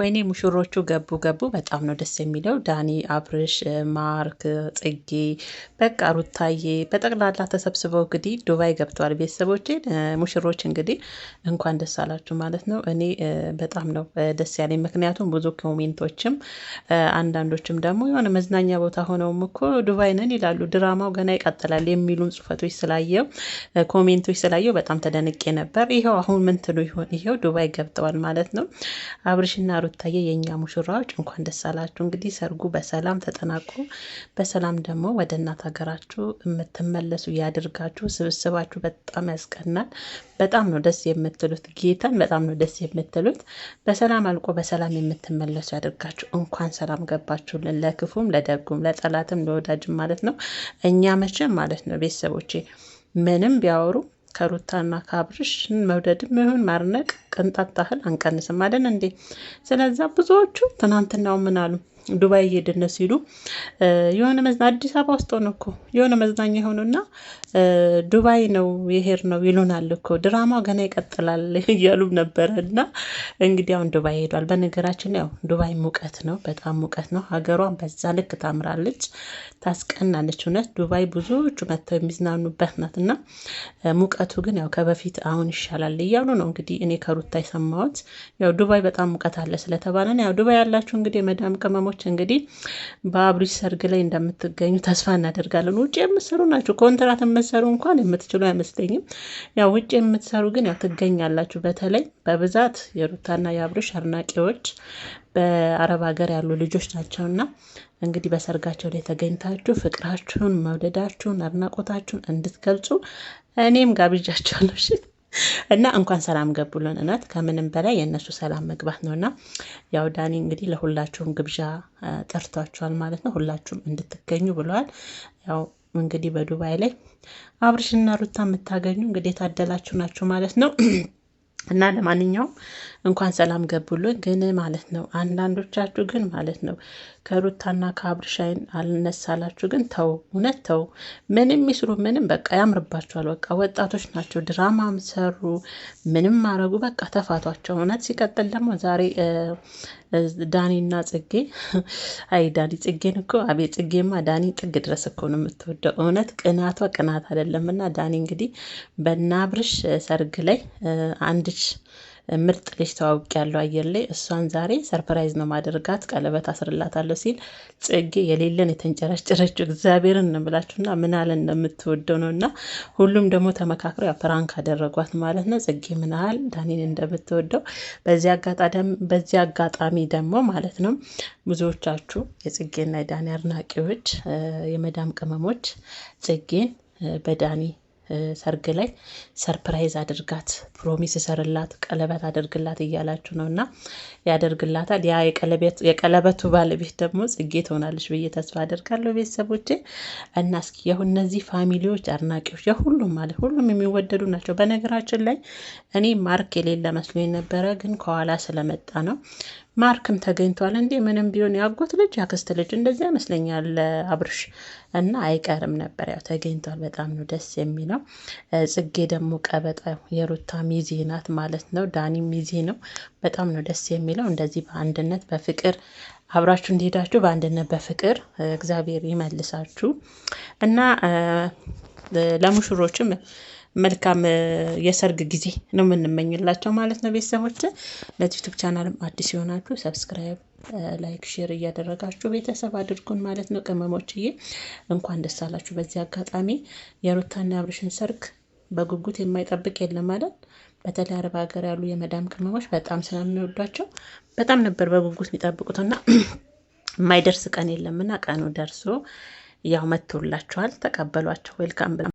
ወይኔ ሙሽሮቹ ገቡ ገቡ በጣም ነው ደስ የሚለው። ዳኒ፣ አብርሽ፣ ማርክ፣ ጽጌ በቃ ሩታዬ በጠቅላላ ተሰብስበው እንግዲህ ዱባይ ገብተዋል። ቤተሰቦቼ ሙሽሮች እንግዲህ እንኳን ደስ አላችሁ ማለት ነው። እኔ በጣም ነው ደስ ያለኝ፣ ምክንያቱም ብዙ ኮሜንቶችም አንዳንዶችም ደግሞ የሆነ መዝናኛ ቦታ ሆነውም እኮ ዱባይ ነን ይላሉ፣ ድራማው ገና ይቀጥላል የሚሉም ጽሁፈቶች ስላየው ኮሜንቶች ስላየው በጣም ተደንቄ ነበር። ይኸው አሁን ምንትሉ ይሆን? ይኸው ዱባይ ገብተዋል ማለት ነው አብርሽና ሩታዬ የእኛ ሙሽራዎች እንኳን ደስ አላችሁ። እንግዲህ ሰርጉ በሰላም ተጠናቆ በሰላም ደግሞ ወደ እናት ሀገራችሁ የምትመለሱ ያድርጋችሁ። ስብስባችሁ በጣም ያስቀናል። በጣም ነው ደስ የምትሉት። ጌታን በጣም ነው ደስ የምትሉት። በሰላም አልቆ በሰላም የምትመለሱ ያድርጋችሁ። እንኳን ሰላም ገባችሁልን። ለክፉም ለደጉም ለጠላትም ለወዳጅም ማለት ነው። እኛ መቼም ማለት ነው ቤተሰቦቼ ምንም ቢያወሩ ከሩታና ከአብርሽ መውደድም ይሁን ማድነቅ ቅንጣት ታህል አንቀንስም አይደል እንዴ? ስለዛ ብዙዎቹ ትናንትናው ምን አሉ? ዱባይ እየሄድን ሲሉ የሆነ መዝና አዲስ አበባ ውስጥ ሆነ እኮ የሆነ መዝናኛ የሆኑና ዱባይ ነው የሄድ ነው ይሉናል እኮ ድራማው ገና ይቀጥላል እያሉ ነበረ። እና እንግዲህ አሁን ዱባይ ሄዷል። በነገራችን ያው ዱባይ ሙቀት ነው፣ በጣም ሙቀት ነው። ሀገሯን በዛ ልክ ታምራለች፣ ታስቀናለች። እውነት ዱባይ ብዙዎቹ መጥተው የሚዝናኑበት ናት። እና ሙቀቱ ግን ያው ከበፊት አሁን ይሻላል እያሉ ነው እንግዲህ እኔ ከሩታ የሰማሁት። ያው ዱባይ በጣም ሙቀት አለ ስለተባለ ያው ዱባይ ያላችሁ እንግዲህ የመዳም ቅመሞች ሰዎች እንግዲህ በአብሪሽ ሰርግ ላይ እንደምትገኙ ተስፋ እናደርጋለን። ውጭ የምትሰሩ ናቸው፣ ኮንትራት የምትሰሩ እንኳን የምትችሉ አይመስለኝም። ያው ውጭ የምትሰሩ ግን ያው ትገኛላችሁ። በተለይ በብዛት የሩታና የአብሪሽ አድናቂዎች በአረብ ሀገር ያሉ ልጆች ናቸውና እንግዲህ በሰርጋቸው ላይ ተገኝታችሁ ፍቅራችሁን፣ መውደዳችሁን፣ አድናቆታችሁን እንድትገልጹ እኔም ጋብዣቸዋለሁ። እና እንኳን ሰላም ገቡልን። እውነት ከምንም በላይ የእነሱ ሰላም መግባት ነው። እና ያው ዳኒ እንግዲህ ለሁላችሁም ግብዣ ጠርቷችኋል ማለት ነው። ሁላችሁም እንድትገኙ ብለዋል። ያው እንግዲህ በዱባይ ላይ አብርሽና ሩታ የምታገኙ እንግዲህ የታደላችሁ ናችሁ ማለት ነው። እና ለማንኛውም እንኳን ሰላም ገቡልን ግን ማለት ነው። አንዳንዶቻችሁ ግን ማለት ነው ከሩታና ከአብርሻይን አልነሳላችሁ ግን ተው፣ እውነት ተው። ምንም ይስሩ ምንም በቃ ያምርባችኋል። በቃ ወጣቶች ናቸው። ድራማም ሰሩ ምንም ማድረጉ በቃ ተፋቷቸው። እውነት ሲቀጥል ደግሞ ዛሬ ዳኒና ጽጌ አይ ዳኒ ጽጌን እኮ አቤ ጽጌማ ዳኒ ጥግ ድረስ እኮ ነው የምትወደው። እውነት ቅናቷ ቅናት አይደለም እና ዳኒ እንግዲህ በናብርሽ ሰርግ ላይ አንድች ምርጥ ልጅ ተዋውቅ ያለው አየር ላይ እሷን ዛሬ ሰርፕራይዝ ነው ማደርጋት ቀለበት አስርላታለሁ ሲል ጽጌ የሌለን የተንጨረጨረችው እግዚአብሔርን እንብላችሁና ምን አለ እንደምትወደው ነው እና ሁሉም ደግሞ ተመካክረው ፕራንክ አደረጓት ማለት ነው። ጽጌ ምን ያህል ዳኒን እንደምትወደው በዚህ አጋጣሚ ደግሞ ማለት ነው ብዙዎቻችሁ የጽጌና የዳኒ አድናቂዎች የመዳም ቅመሞች ጽጌን በዳኒ ሰርግ ላይ ሰርፕራይዝ አድርጋት፣ ፕሮሚስ ሰርላት ቀለበት አድርግላት እያላችሁ ነው እና ያደርግላታል። ያ የቀለበቱ ባለቤት ደግሞ ጽጌ ትሆናለች ብዬ ተስፋ አደርጋለሁ ቤተሰቦቼ። እና እስኪ እነዚህ ፋሚሊዎች አድናቂዎች፣ የሁሉም ማለት ሁሉም የሚወደዱ ናቸው። በነገራችን ላይ እኔ ማርክ የሌለ መስሎ የነበረ ግን ከኋላ ስለመጣ ነው ማርክም ተገኝቷል እንዴ? ምንም ቢሆን ያጎት ልጅ ያክስት ልጅ እንደዚህ ይመስለኛል አብርሽ እና አይቀርም ነበር። ያው ተገኝቷል። በጣም ነው ደስ የሚለው። ጽጌ ደግሞ ቀበጣ የሩታ ሚዜ ናት ማለት ነው። ዳኒ ሚዜ ነው። በጣም ነው ደስ የሚለው። እንደዚህ በአንድነት በፍቅር አብራችሁ እንዲሄዳችሁ በአንድነት በፍቅር እግዚአብሔር ይመልሳችሁ እና ለሙሽሮችም መልካም የሰርግ ጊዜ ነው የምንመኝላቸው ማለት ነው። ቤተሰቦች ለዚህ ዩቱብ ቻናልም አዲስ የሆናችሁ ሰብስክራይብ፣ ላይክ፣ ሼር እያደረጋችሁ ቤተሰብ አድርጉን ማለት ነው። ቅመሞችዬ እንኳን ደስ አላችሁ። በዚህ አጋጣሚ የሩታና አብርሽን ሰርግ በጉጉት የማይጠብቅ የለም ማለት በተለይ አረብ ሀገር ያሉ የመዳም ቅመሞች በጣም ስለምንወዷቸው በጣም ነበር በጉጉት የሚጠብቁትና የማይደርስ ቀን የለምና ቀኑ ደርሶ ያው መጥቶላቸዋል። ተቀበሏቸው። ዌልካም